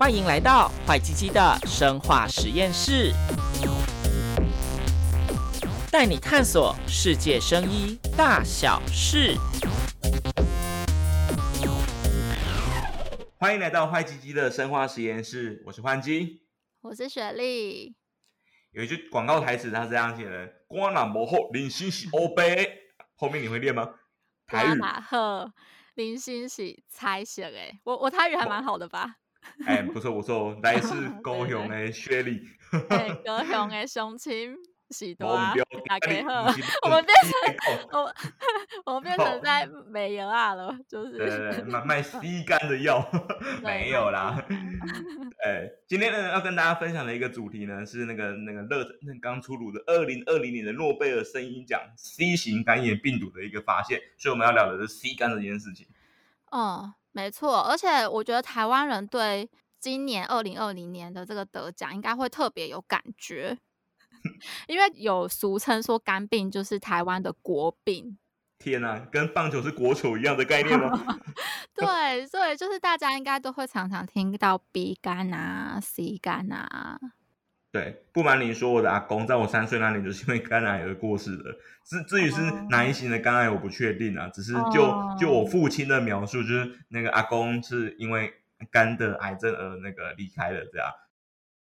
歡迎來到壞基基的生化實驗室，帶你探索世界生醫大小事。歡迎來到壞基基的生化實驗室，我是壞基，我是雪莉。有一句廣告台詞，它是這樣寫的：光南模後林心喜歐杯。後面你會念嗎？ 台灣赫，林心喜猜色哎，我我台語還蠻好的吧。 哎，不是我說，來自高雄的雪莉， 對，對，對， 對，高雄的鄉親 是多啊？我們， 我們變成， 我 我變成在美容啊了，就是對，對對， 賣賣吸肝的藥 沒有啦。哎， 今天呢要跟大家分享的一個主題呢，是那個那個那剛出爐的二零二零年的諾貝爾聲音獎 C 型肝炎病毒的一個發現，所以我們要聊的是 C 肝這件事情。哦、嗯。沒錯，而且我覺得台灣人對今年二零二零年的這個得獎應該會特別有感覺， 因為有俗稱說肝病就是台灣的國病。天吶，跟棒球是國球一樣的概念嗎？ 對，所以就是大家應該都會常常聽到 B 肝啊、C 肝啊。對，不瞞你說，我的阿公在我三歲那年就是因為肝癌而過世的。至至於是哪一型的肝癌，我不確定啊。嗯、只是就就我父親的描述、嗯，就是那個阿公是因為肝的癌症而那個離開了，對啊。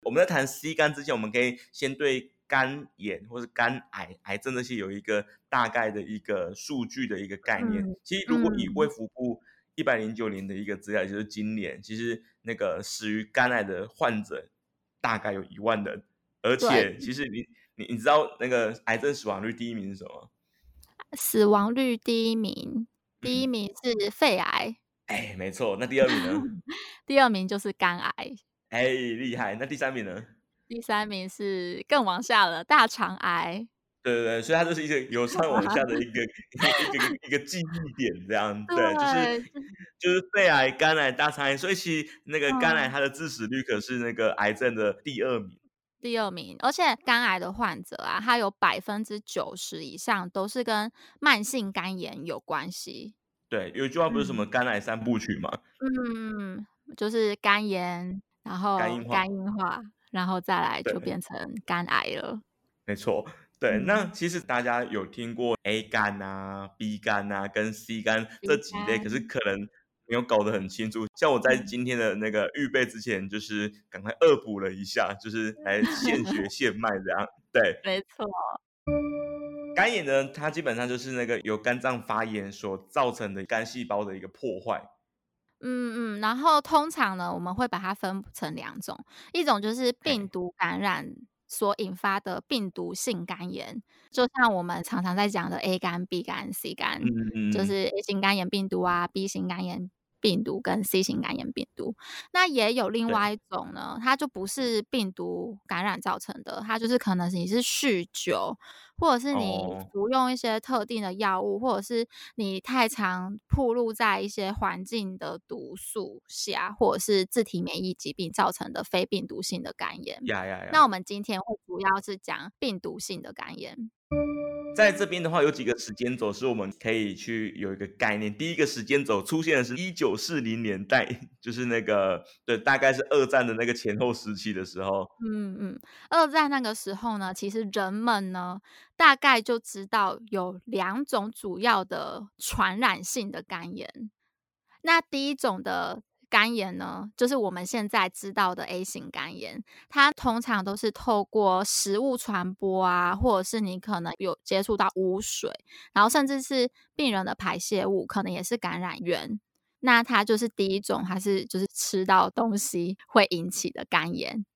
我們在談 C 肝之前，我們可以先對肝炎或是肝癌、癌症那些有一個大概的一個數據的一個概念。嗯、其實，如果以衛福部一百零九年的一個資料，就是今年其實那個死於肝癌的患者，大概有一萬人，而且其實你你你知道那個癌症死亡率第一名是什麼？死亡率第一名，第一名是肺癌。嗯、哎，沒錯。那第二名呢？ 第二名就是肝癌。哎，厲害。那第三名呢？第三名是更往下了，大腸癌。對對對，所以它就是一個由上往下的一個 一個一個，一個記憶點這樣，對，對就是就是肺癌、肝癌、大腸癌。所以其實那個肝癌它的致死率可是那個癌症的第二名，第二名。而且肝癌的患者啊，它有百分之九十以上都是跟慢性肝炎有關係。對，有一句話不是什麼嗯、肝癌三部曲嗎？嗯，就是肝炎，然後肝硬化，化，然後再來就變成肝癌了。沒錯。對，那其實大家有聽過 A 肝啊、B 肝啊跟 C 肝這幾類，可是可能沒有搞得很清楚。像我在今天的那個預備之前，就是趕快惡補了一下，就是來現學現賣這樣。 對，沒錯。肝炎呢，它基本上就是那個由肝臟发炎所造成的肝細胞的一個破壞。嗯嗯，然後通常呢，我們會把它分成兩種，一種就是病毒感染。所引發的病毒性肝炎，就像我們常常在講的 A 肝、B 肝、C 肝，就是 A 型肝炎病毒啊、B 型肝炎病毒跟 C 型肝炎病毒。那也有另外一種呢，它就不是病毒感染造成的，它就是可能你是酗酒，或者是你服用一些特定的藥物，Oh. 或者是你太常暴露在一些環境的毒素下，或者是自體免疫疾病造成的非病毒性的肝炎。呀呀呀！那我們今天會主要是講病毒性的肝炎。在這邊的話，有幾個時間軸是我們可以去有一個概念。第一個時間軸出現的是1940年代，就是那個對，大概是二戰的那個前後時期的時候。嗯嗯，二戰那個時候呢，其實人們呢。大概就知道有兩種主要的傳染性的肝炎。那第一種的肝炎呢，就是我們現在知道的 A 型肝炎，它通常都是透過食物傳播啊，或者是你可能有接觸到污水，然後甚至是病人的排泄物，可能也是感染源。那它就是第一種，它是就是吃到東西會引起的肝炎。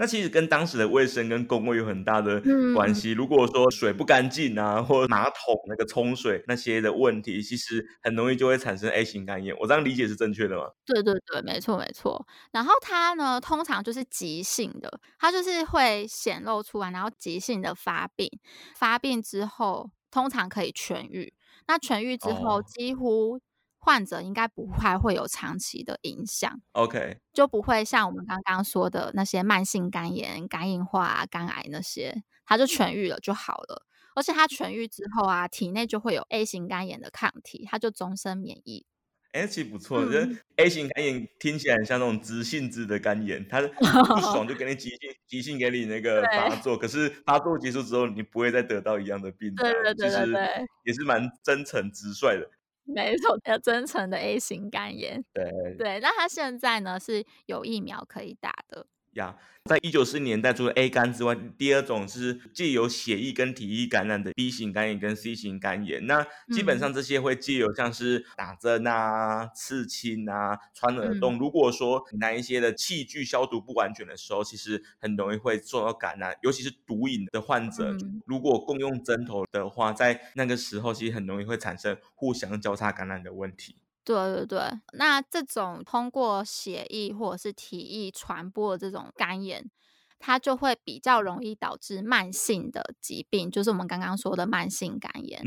那其實跟當時的衛生跟公共有很大的關係，嗯。如果說水不乾淨啊，或馬桶那個沖水那些的問題，其實很容易就會產生 A 型肝炎。我這樣理解是正確的嗎？對對對，沒錯沒錯。然後它呢，通常就是急性的，它就是會顯露出來，然後急性的發病，發病之後通常可以痊癒。那痊癒之後幾乎、哦。患者應該不會會有長期的影響，OK，就不會像我們剛剛說的那些慢性肝炎、肝硬化、啊、肝癌那些，它就痊癒了就好了。而且它痊癒之後啊，體內就會有 A 型肝炎的抗體，它就終身免疫。哎、欸，其實不錯，就、嗯、是 A 型肝炎聽起來很像那種直性質的肝炎，他不爽就給你急性 急性給你那個發作，可是發作結束之後你不會再得到一樣的病、啊。對對對對對,對，其實也是蠻真誠直率的。沒錯，要真誠的 A 型肝炎。對對，那他現在呢，是有疫苗可以打的。呀、yeah，在一九四零年代，除了 A 肝之外，第二種是借由血液跟體液感染的 B 型肝炎跟 C 型肝炎。那基本上這些會借由像是打針啊、刺青啊、穿耳洞、嗯，如果說那一些的器具消毒不完全的時候，其實很容易會受到感染。尤其是毒癮的患者，如果共用針頭的話，在那個時候其實很容易會產生互相交叉感染的問題。對對對，那這種通過血液或者是體液傳播的這種肝炎，它就會比較容易導致慢性的疾病，就是我們剛剛說的慢性肝炎。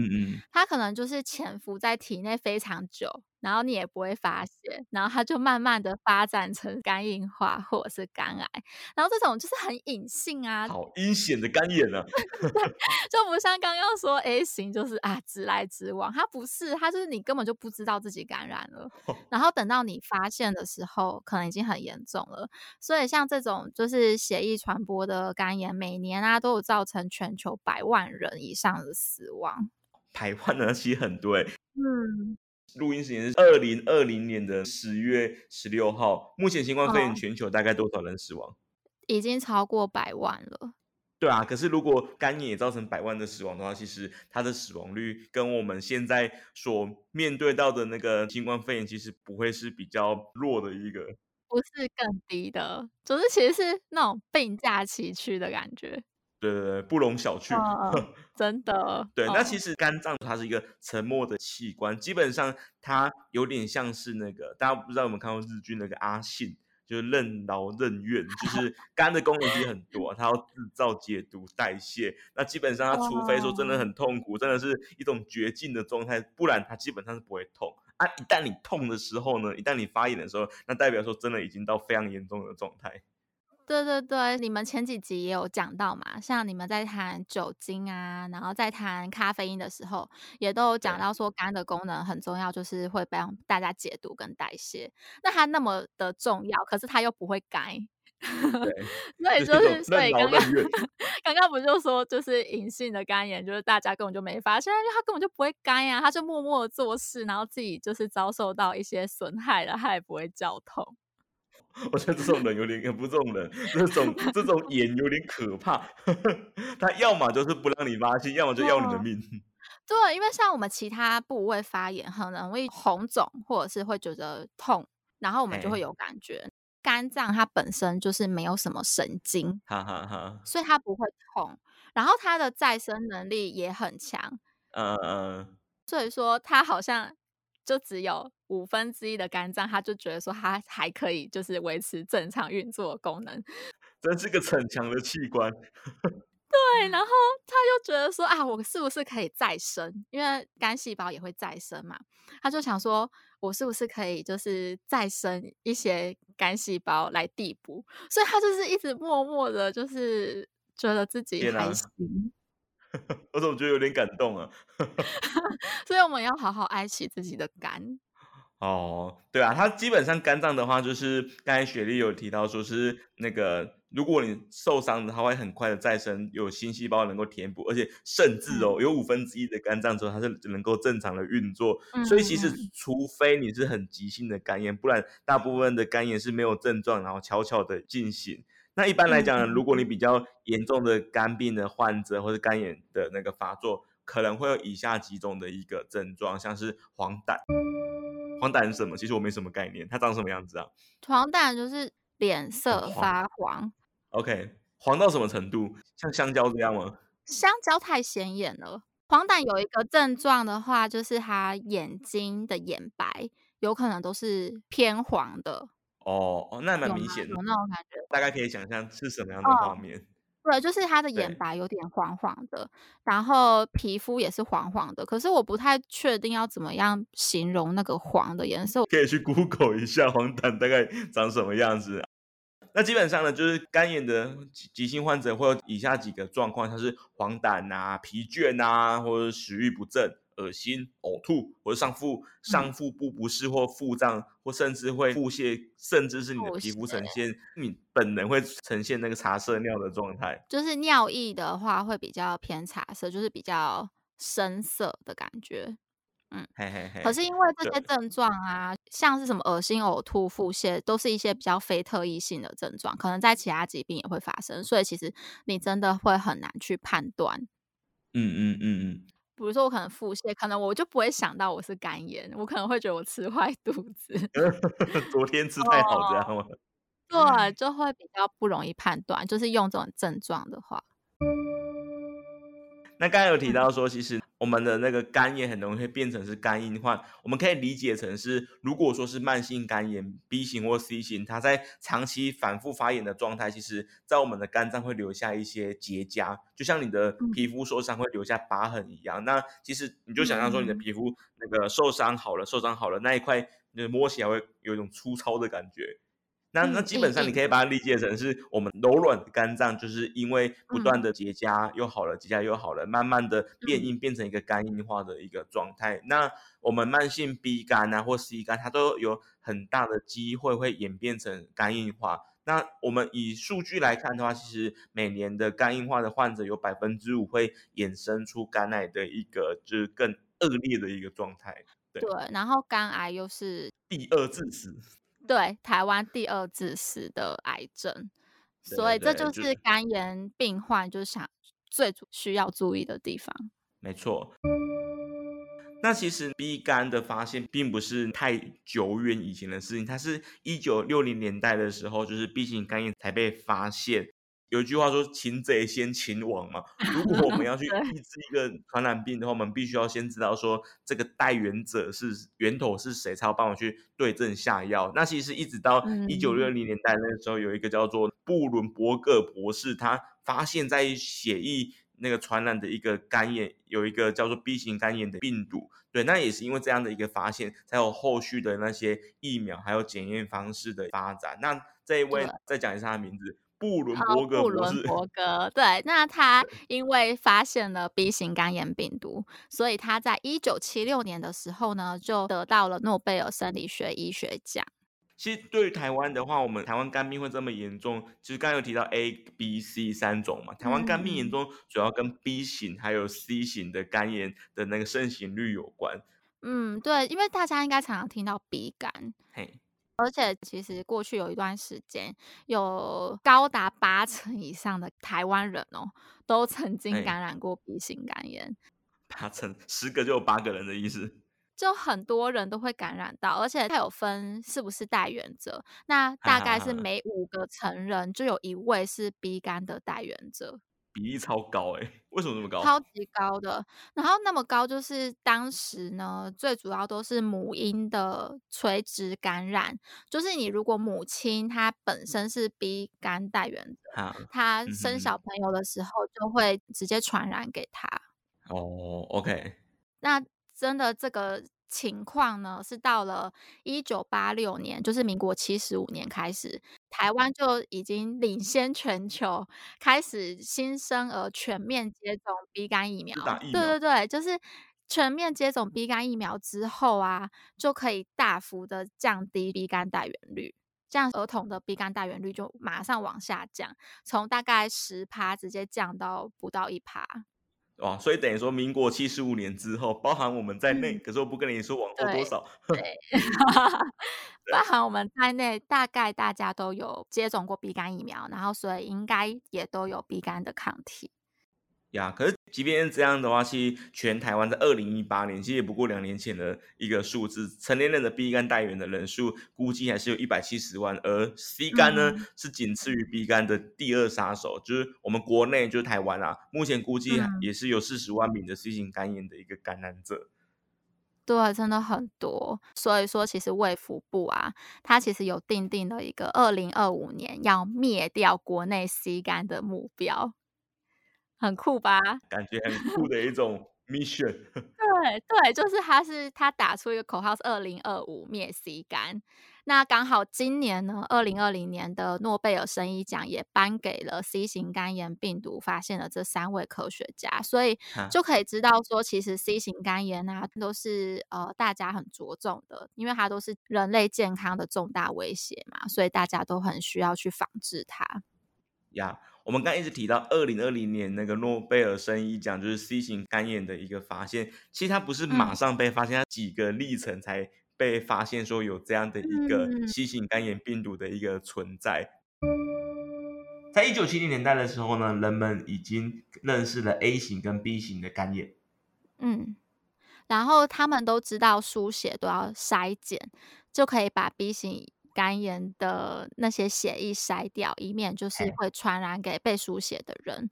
它可能就是潛伏在體內非常久，然後你也不會發現，然後它就慢慢的發展成肝硬化或者是肝癌，然後這種就是很隱性啊，好陰險的肝炎啊 ！就不像剛剛說 A 型就是啊直來直往，它不是，它就是你根本就不知道自己感染了，然後等到你發現的時候，可能已經很嚴重了。所以像這種就是血液傳播的肝炎，每年啊都有造成全球百萬人以上的死亡，百萬人其實很多，嗯。錄音時間是二零二零年的十月十六號。目前新冠肺炎全球大概多少人死亡？啊、已經超過百萬了。對啊，可是如果肝炎也造成百萬的死亡的話，其實它的死亡率跟我們現在所面對到的那個新冠肺炎其實不會是比較弱的一個，不是更低的，就是其實是那種並駕齊驅的感覺。對對對，不容小覷、啊。真的。 對、啊，那其實肝臟它是一個沉默的器官，啊、基本上它有點像是那個大家不知道，我們看過日軍那個阿信，就是任勞任怨，就是肝的功能也很多，它 要製造、解毒、代謝。 那基本上它除非說真的很痛苦，啊、真的是一種絕境的狀態，不然它基本上是不會痛啊。一旦你痛的時候呢，一旦你發炎的時候，那代表說真的已經到非常嚴重的狀態。對對對，你們前幾集也有講到嘛，像你們在談酒精啊，然後在談咖啡因的時候，也都有講到說肝的功能很重要，就是會幫大家解毒跟代謝。那它那麼的重要，可是它又不會幹，對 所以就是對剛剛任勞任怨 剛剛不就說就是隱性的肝炎，就是大家根本就沒發現，它根本就不會幹呀、啊，它就默默的做事，然後自己就是遭受到一些損害了，它也不會叫痛。 我覺得這種人有點， 也不是這種人，這種 這種炎有點可怕。他 要麼就是不讓你發現，要麼就要你的命。對啊。對，因為像我們其他部位發炎，很容易紅腫或者是會覺得痛，然後我們就會有感覺。肝臟它本身就是沒有什麼神經，哈哈哈，所以它不會痛。然後它的再生能力也很強，嗯嗯。所以說，它好像。就只有五分之一的肝臟，他就覺得說他還可以，就是維持正常運作的功能。這是個逞強的器官。 對，然後他就覺得說啊，我是不是可以再生？因為肝細胞也會再生嘛。他就想說，我是不是可以就是再生一些肝細胞來遞補？所以他就是一直默默的，就是覺得自己還行。 我怎麼覺得有點感動啊， 所以我們要好好愛惜自己的肝。哦、oh，對啊，它基本上肝臟的話，就是剛才雪莉有提到，說是那個如果你受傷的，它會很快的再生，有新細胞能夠填補，而且甚至哦，嗯、有五分之一的肝臟之後，它是能夠正常的運作、嗯。所以其實除非你是很急性的肝炎，不然大部分的肝炎是沒有症狀，然後悄悄的進行。那一般來講呢，如果你比較嚴重的肝病的患者，或者肝炎的那個發作，可能會有以下幾種的一個症狀，像是黃疸。黃疸是什麼？其實我沒什麼概念，它長什麼樣子啊？黃疸就是臉色發黃，黃。OK，黃到什麼程度？像香蕉這樣嗎？香蕉太顯眼了。黃疸有一個症狀的話，就是它眼睛的眼白有可能都是偏黃的。哦哦，那蠻明顯的，啊，那我感覺，大概可以想象是什麼樣的畫面。哦。對，就是他的眼白有點黃黃的，然後皮膚也是黃黃的，可是我不太確定要怎麼樣形容那個黃的顏色。可以去 Google 一下黃疸大概長什麼樣子。 那基本上呢，就是肝炎的急性患者會有以下幾個狀況：，像是黃疸啊、疲倦啊，或者食慾不振。惡心、嘔吐，或者上腹、嗯、上腹部不適，或腹脹，或甚至會腹瀉，甚至是你的皮膚呈現，你本能會呈現那個茶色尿的狀態，就是尿液的話會比較偏茶色，就是比較深色的感覺，嗯，嘿嘿嘿，可是因為這些症狀啊，像是什麼惡心、嘔吐、腹瀉，都是一些比較非特異性的症狀，可能在其他疾病也會發生，所以其實你真的會很難去判斷，嗯嗯嗯嗯。嗯嗯比如說，我可能腹瀉，可能我就不會想到我是肝炎，我可能會覺得我吃壞肚子。 昨天吃太好，這樣嗎？哦，對，就會比較不容易判斷，就是用這種症狀的話。那剛才有提到說，其實我們的那個肝炎很容易會變成是肝硬化。我們可以理解成是，如果說是慢性肝炎 B 型或 C 型，它在長期反覆發炎的狀態，其實，在我們的肝臟會留下一些結痂，就像你的皮膚受傷會留下疤痕一樣。那其實你就想象說，你的皮膚那個受傷好了，受傷好了那一塊，你就摸起來會有一種粗糙的感覺。那那基本上你可以把它理解成是我們柔軟的肝臟，就是因為不斷的結痂又好了，嗯，結痂又好了，慢慢的變硬，嗯，變成一個肝硬化的一個狀態。那我們慢性 B 肝啊或 C 肝，它都有很大的機會會演變成肝硬化。那我們以數據來看的話，其實每年的肝硬化的患者有百分之五會衍生出肝癌的一個就是更惡劣的一個狀態。對，然後肝癌又是第二致死。對，台灣第二致死的癌症，所以這就是肝炎病患就是想最需要注意的地方。沒錯，那其實 B 肝的發現並不是太久遠以前的事情，它是一九六零年代的時候，就是 B 型肝炎才被發現。有一句話說“擒賊先擒王”嘛。如果我們要去抑制一個傳染病的話， 我們必須要先知道說這個帶源者是源頭是誰，才要幫我去對症下藥。那其實一直到一九六零年代那個時候、嗯，有一個叫做布倫伯格博士，他發現在血液那個傳染的一個肝炎，有一個叫做 B 型肝炎的病毒。對，那也是因為這樣的一個發現，才有後續的那些疫苗還有檢驗方式的發展。那這一位再講一下他的名字。布倫伯格，布倫伯格，對，那他因為發現了 B 型肝炎病毒，所以他在一九七六年的時候呢，就得到了諾貝爾生理學醫學獎。其實對於台灣的話，我們台灣肝病會這麼嚴重，就是剛剛有提到 A、B、C 三種嘛，台灣肝病嚴重主要跟 B 型還有 C 型的肝炎的那個盛行率有關。嗯，對，因為大家應該常常聽到 B 肝，嘿。而且其實過去有一段時間，有高達八成以上的台灣人哦，都曾經感染過 B 型肝炎。欸、八成十個就有八個人的意思，就很多人都會感染到。而且它有分是不是帶原者，那大概是每五個成人就有一位是 B 肝的帶原者。啊啊啊啊比例超高誒、欸，為什麼那麼高？超級高的，然後那麼高就是當時呢，最主要都是母嬰的垂直感染，就是你如果母親她本身是 B 肝帶原的，她生小朋友的時候就會直接傳染給她。哦、嗯、OK。那真的這個。情況呢？是到了一九八六年，就是民國七十五年開始，臺灣就已經領先全球，開始新生兒全面接種 B 肝疫苗、疫苗。對對對，就是全面接種 B 肝疫苗之後啊，就可以大幅的降低 B 肝帶原率，這樣兒童的 B 肝帶原率就馬上往下降，從大概十趴直接降到不到一趴。哦，所以等於說，民國七十五年之後，包含我們在內，嗯，可是我不跟你說往後多少。對，對呵呵 對 包含我們在內，大概大家都有接種過 B 肝疫苗，然後所以應該也都有 B 肝的抗體。呀，可是即便是這樣的話，其實全台灣在二零一八年，其實也不過兩年前的一個數字，成年人的 B 肝帶原的人數估計還是有一百七十萬，而 C 肝呢、嗯、是僅次於 B 肝的第二殺手，就是我們國內就是台灣啊，目前估計也是有四十萬名的 C 型肝炎的一個感染者、嗯。對，真的很多，所以說其實衛福部啊，它其實有訂定了一個二零二五年要滅掉國內 C 肝的目標。很酷吧？感覺很酷的一種 mission 對。對對，就是他是，是他打出一個口號是“二零二五滅 C 肝”。那剛好今年呢，二零二零年的諾貝爾生醫獎也頒給了 C 型肝炎病毒發現的這三位科學家，所以就可以知道說，其實 C 型肝炎啊，都是呃大家很着重的，因為它都是人類健康的重大威脅嘛，所以大家都很需要去防治它。呀、yeah.。我們剛剛一直提到，二零二零年那個諾貝爾生醫獎就是 C 型肝炎的一個發現。其實它不是馬上被發現，嗯、它幾個歷程才被發現，說有這樣的一個 C 型肝炎病毒的一個存在。在一九七零年代的時候呢，人們已經認識了 A 型跟 B 型的肝炎。嗯，然後他們都知道輸血都要篩檢，就可以把 B 型。肝炎的那些血液篩掉，以免就是會傳染給被輸血的人。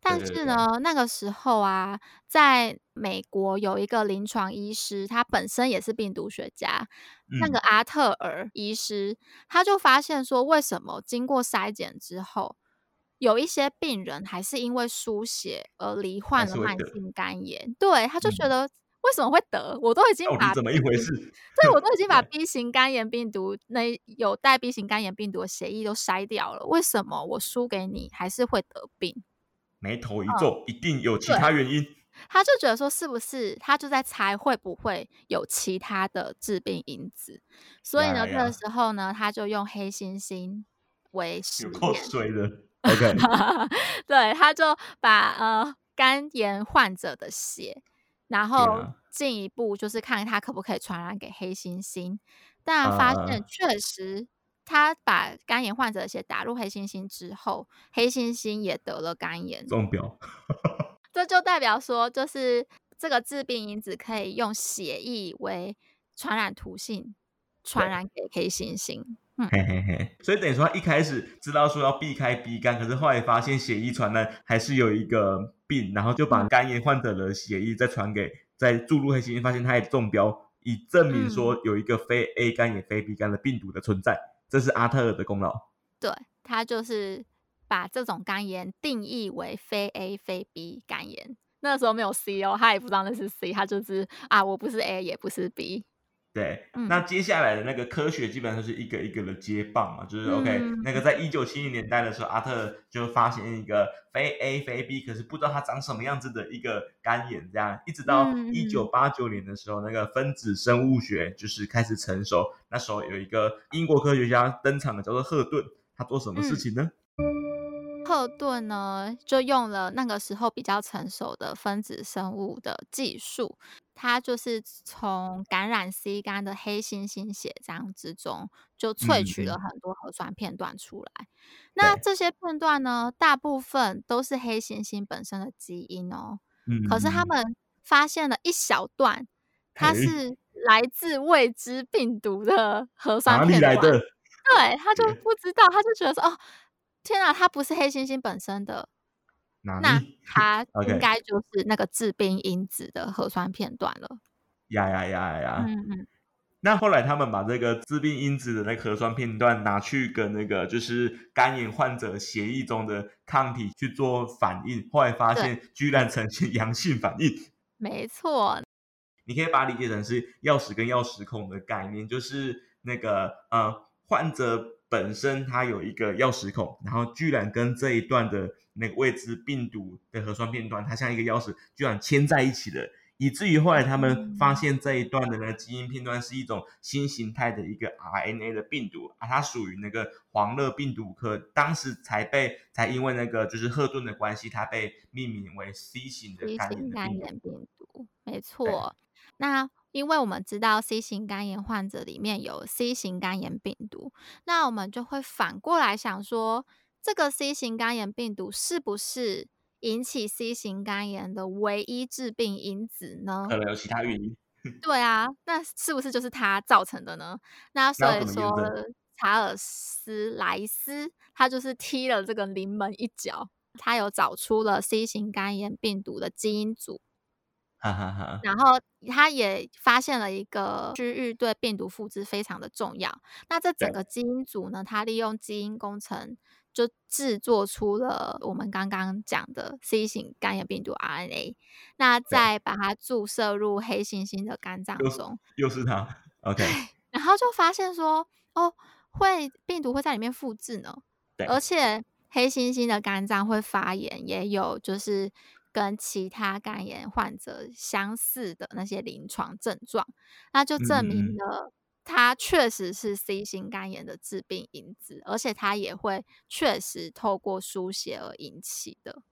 對對對對，但是呢，那個時候啊，在美國有一個臨床醫師，他本身也是病毒學家，嗯、那個阿特爾醫師，他就發現說，為什麼經過篩檢之後，有一些病人還是因為輸血而罹患了慢性肝炎？對，他就覺得。為什麼會得？我都已經把到底怎麼一回事？對，我都已經把 B 型肝炎病毒那 有帶 B 型肝炎病毒的血液都篩掉了。為什麼我輸給你還是會得病？眉頭一皺，嗯，一定有其他原因。他就覺得說，是不是他就在猜會不會有其他的致病因子？ 所以呢，這個時候呢，他就用黑猩猩為實驗，對的，okay. 對，他就把呃肝炎患者的血。然後進一步就是看它可不可以傳染給黑猩猩，但發現確實，他把肝炎患者血打入黑猩猩之後，黑猩猩也得了肝炎。中標，這就代表說，就是這個致病因子可以用血液為傳染途徑，傳染給黑猩猩、呃。嘿嘿嘿，所以等於說他一開始知道說要避開 B 肝，可是後來發現血液傳染還是有一個。病然後就把肝炎患者的血液再傳給，再、嗯、注入黑猩猩，發現他也中標，以證明說有一個非 A 肝炎，嗯、非 B 肝的病毒的存在，這是阿特爾的功勞。對，他就是把這種肝炎定義為非 A、非 B 肝炎。那時候沒有 C 哦，他也不知道那是 C，他就是啊，我不是 A，也不是 B。對，那接下來的那個科學基本上是一個一個的接棒啊，就是 OK，、嗯、那個在一九七零年代的時候，阿特就發現一個非 A 非 B，可是不知道它長什麼樣子的一個肝炎，這樣一直到一九八九年的時候、嗯嗯，那個分子生物學就是開始成熟，那時候有一個英國科學家登場的叫做賀頓，他做什麼事情呢？嗯賀頓呢，就用了那個時候比較成熟的分子生物的技術，他就是從感染 C 肝的黑猩猩血漿之中，就萃取了很多核酸片段出來。嗯嗯、那這些片段呢，大部分都是黑猩猩本身的基因哦。嗯、可是他們發現了一小段、嗯，它是來自未知病毒的核酸片段。哪裡來的？對他就不知道，嗯、他就覺得說哦。天啊，它不是黑猩猩本身的，那它應該就是那個致病因子的核酸片段了。呀呀呀呀！嗯嗯。那後來他們把這個致病因子的那個核酸片段拿去跟那個就是肝炎患者血液中的抗體去做反應，後來發現居然呈現陽性反應。沒錯。你可以把它理解成是鑰匙跟鑰匙孔的概念，就是那個呃患者。本身它有一個鑰匙孔，然後居然跟這一段的那個未知病毒的核酸片段，它像一個鑰匙，居然牽在一起的，以至於後來他們發現這一段的那、嗯、基因片段是一種新形態的一個 RNA 的病毒啊，它屬於那個黃熱病毒科，當時才被，才因為那個就是賀頓的關係，它被命名為 C 型的肝炎病、病毒，沒錯，那。因為我們知道 C 型肝炎患者裡面有 C 型肝炎病毒，那我們就會反過來想說，這個 C 型肝炎病毒是不是引起 C 型肝炎的唯一致病因子呢？可能有其他原因。 對啊，那是不是就是它造成的呢？那所以說，查爾斯萊斯他就是踢了這個臨門一腳，他有找出了 C 型肝炎病毒的基因組。哈哈哈，然後他也發現了一個區域，對病毒複製非常的重要。那這整個基因組呢，他利用基因工程就製作出了我們剛剛講的 C 型肝炎病毒 RNA。那再把它注射入黑猩猩的肝臟中，又，又是它，OK。然後就發現說，哦，會病毒會在裡面複製呢？對，而且黑猩猩的肝臟會發炎，也有就是。跟其他肝炎患者相似的那些臨床症狀，那就證明了它確實是 C 型肝炎的致病因子，嗯、而且它也會確實透過輸血而引起的。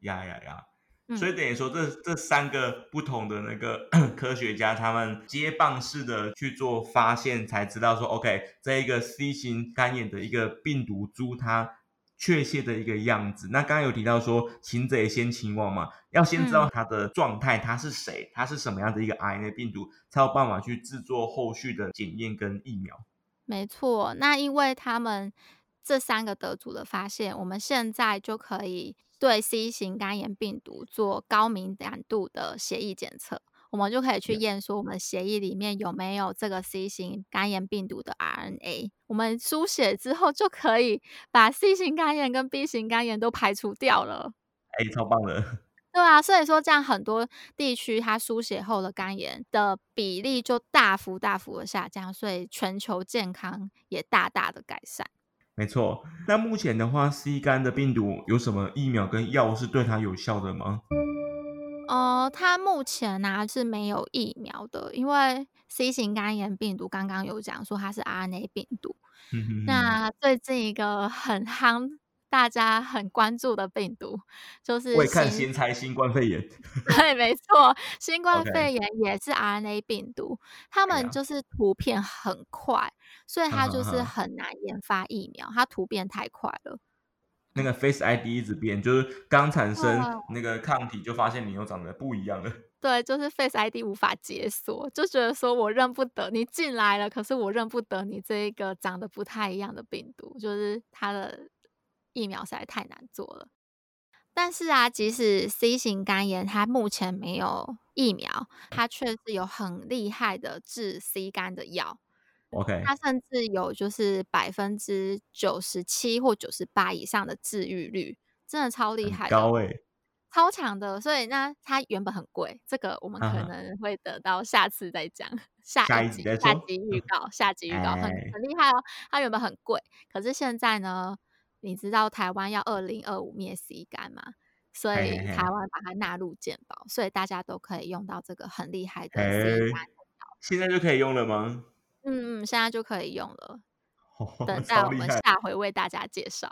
呀呀呀！所以等於說，這這三個不同的那個科學家，他們接棒式的去做發現，才知道說，OK，這一個 C 型肝炎的一個病毒株，它。確切的一個樣子。那剛剛有提到說“擒賊先擒王”嘛，要先知道它的狀態，它是誰，它是什麼樣的一個 RNA 病毒，才有辦法去制作後續的檢驗跟疫苗。沒錯，那因為他們這三個得主的發現，我們現在就可以對 C 型肝炎病毒做高敏感度的血液檢測。我們就可以去驗說我們血液裡面有沒有這個 C 型肝炎病毒的 RNA，我們輸血之後就可以把 C 型肝炎跟 B 型肝炎都排除掉了。哎，超棒的。對啊，所以說這樣很多地區它輸血後的肝炎的比例就大幅大幅的下降，所以全球健康也大大的改善。沒錯，那目前的話，C 肝的病毒有什麼疫苗跟藥物是對它有效的嗎？哦、呃，它目前呢、啊、是沒有疫苗的，因為 C 型肝炎病毒剛剛有講說它是 RNA 病毒。 那最近一個很夯，大家很關注的病毒就是。會看先猜新冠肺炎。 對，沒錯，新冠肺炎也是 RNA 病毒，okay. 他們就是突變很快，所以它就是很難研發疫苗， 它突變太快了。那個 Face ID 一直變，就是剛產生那個抗體，就發現你又長得不一樣了。對。對，就是 Face ID 無法解鎖，就覺得說我認不得你進來了，可是我認不得你這一個長得不太一樣的病毒。就是它的疫苗實在太難做了。但是啊，即使 C 型肝炎它目前沒有疫苗，它卻是有很厲害的治 C 肝的藥。OK，它甚至有就是百分之九十七或九十八以上的治愈率，真的超厲害，高誒、欸，超強的。所以那它原本很貴，這個我們可能會得到下次再講、啊，下下一集下集預告，下集預告、嗯下集預告欸、很很厲害哦。它原本很貴，可是現在呢，你知道台灣要二零二五年滅 C 肝嗎？所以台灣把它納入健保，所以大家都可以用到這個很厲害的 C 肝、欸欸欸、現在就可以用了嗎？嗯嗯，現在就可以用了。哦、等下，我們下回為大家介紹。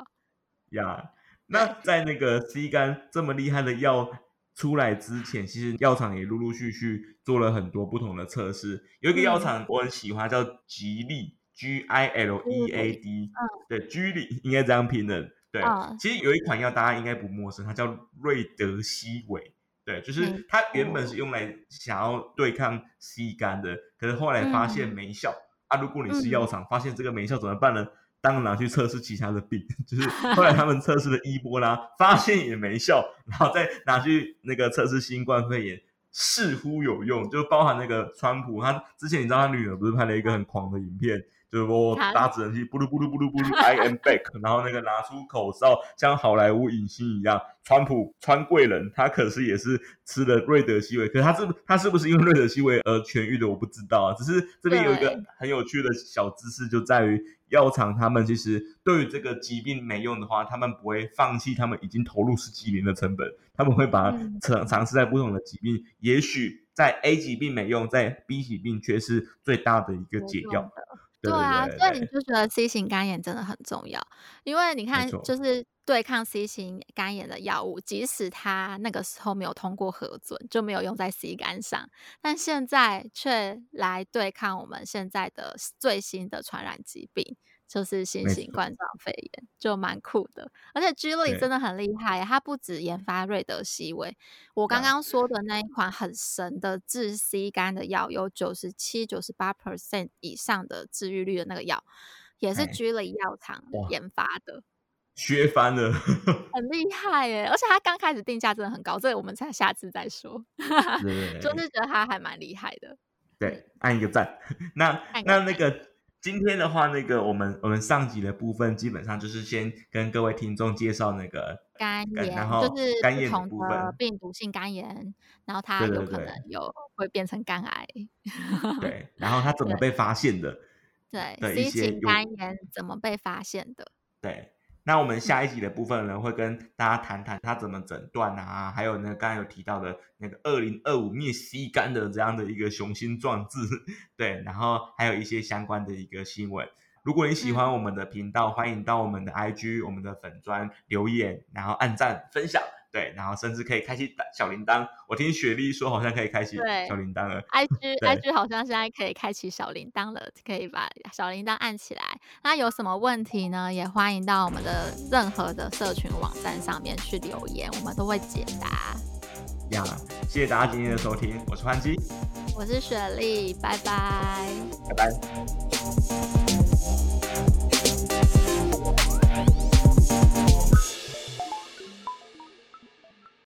呀、Yeah.，那在那個 C 肝這麼厲害的藥出來之前，其實藥廠也陸陸續續做了很多不同的測試。有一個藥廠我很喜歡，叫吉利 G I L E A D，、嗯、對，吉利 G I L E A D 嗯、應該這樣拼的。對、嗯，其實有一款藥大家應該不陌生，它叫瑞德西韋。對，就是它原本是用來想要對抗 C 肝的，嗯，可是後來發現沒效，嗯、啊，如果你是藥廠，發現這個沒效怎麼辦呢？當然拿去測試其他的病，嗯，就是後來他們測試了伊，e、波拉， 發現也沒效，然後再拿去那個測試新冠肺炎，似乎有用，就包含那個川普，他之前你知道他女兒不是拍了一個很狂的影片？就是說搭直升機，布魯布魯布魯布魯，I am back。然後那個拿出口罩，像好萊塢影星一樣。川普川貴人，他可是也是吃了瑞德西韋。可是他是他是不是因為瑞德西韋而痊癒的，我不知道啊。只是這裡有一個很有趣的小知識，就在於藥廠他們其實對於這個疾病沒用的話，他們不會放棄他們已經投入十幾年的成本，他們會把它嘗嘗試在不同的疾病。也許在 A 疾病沒用，在 B 疾病卻是最大的一個解藥。嗯對啊，所以你就覺得 C 型肝炎真的很重要，因為你看，就是對抗 C 型肝炎的藥物，即使它那個時候沒有通過核准，就沒有用在 C 肝上，但現在卻來對抗我們現在的最新的傳染疾病。就是新型冠狀肺炎就蠻酷的，而且 Gilead 真的很厲害、欸。他不止研發瑞德西韋，我剛剛說的那一款很神的治 C 肝的藥，有九十七、九十八 percent 以上的治愈率的那個藥，也是 Gilead 藥廠研發的，削翻了， 很厲害耶、欸！而且他剛開始定價真的很高，所以我們才下次再說。 對對對對就是覺得他還蠻厲害的，對，按一個讚。那那那個。今天的話，那個我們我們上集的部分基本上就是先跟各位聽眾介紹那個肝炎，嗯，然後肝炎的部分，就是，不病毒性肝炎，然後它有可能有會變成肝癌。對，對，對， 對，然後它怎麼被發現的？對，對對 C 型肝炎怎麼被發現的？對。那我們下一集的部分呢、嗯，會跟大家談談他怎麼診斷啊，還有呢，剛剛有提到的那個二零二五滅 C 肝的這樣的一個雄心壯志，對，然後還有一些相關的一個新聞。如果你喜歡我們的頻道，嗯、歡迎到我們的 IG，我們的粉專留言，然後按讚，分享。對，然後甚至可以開啟小鈴鐺。我聽雪莉說，好像可以開啟小鈴鐺了。 I G I G 好像現在可以開啟小鈴鐺了，可以把小鈴鐺按起來。那有什麼問題呢？也歡迎到我們的任何的社群網站上面去留言，我們都會解答。呀，yeah，謝謝大家今天的收聽，我是潘基，我是雪莉，拜拜，拜拜。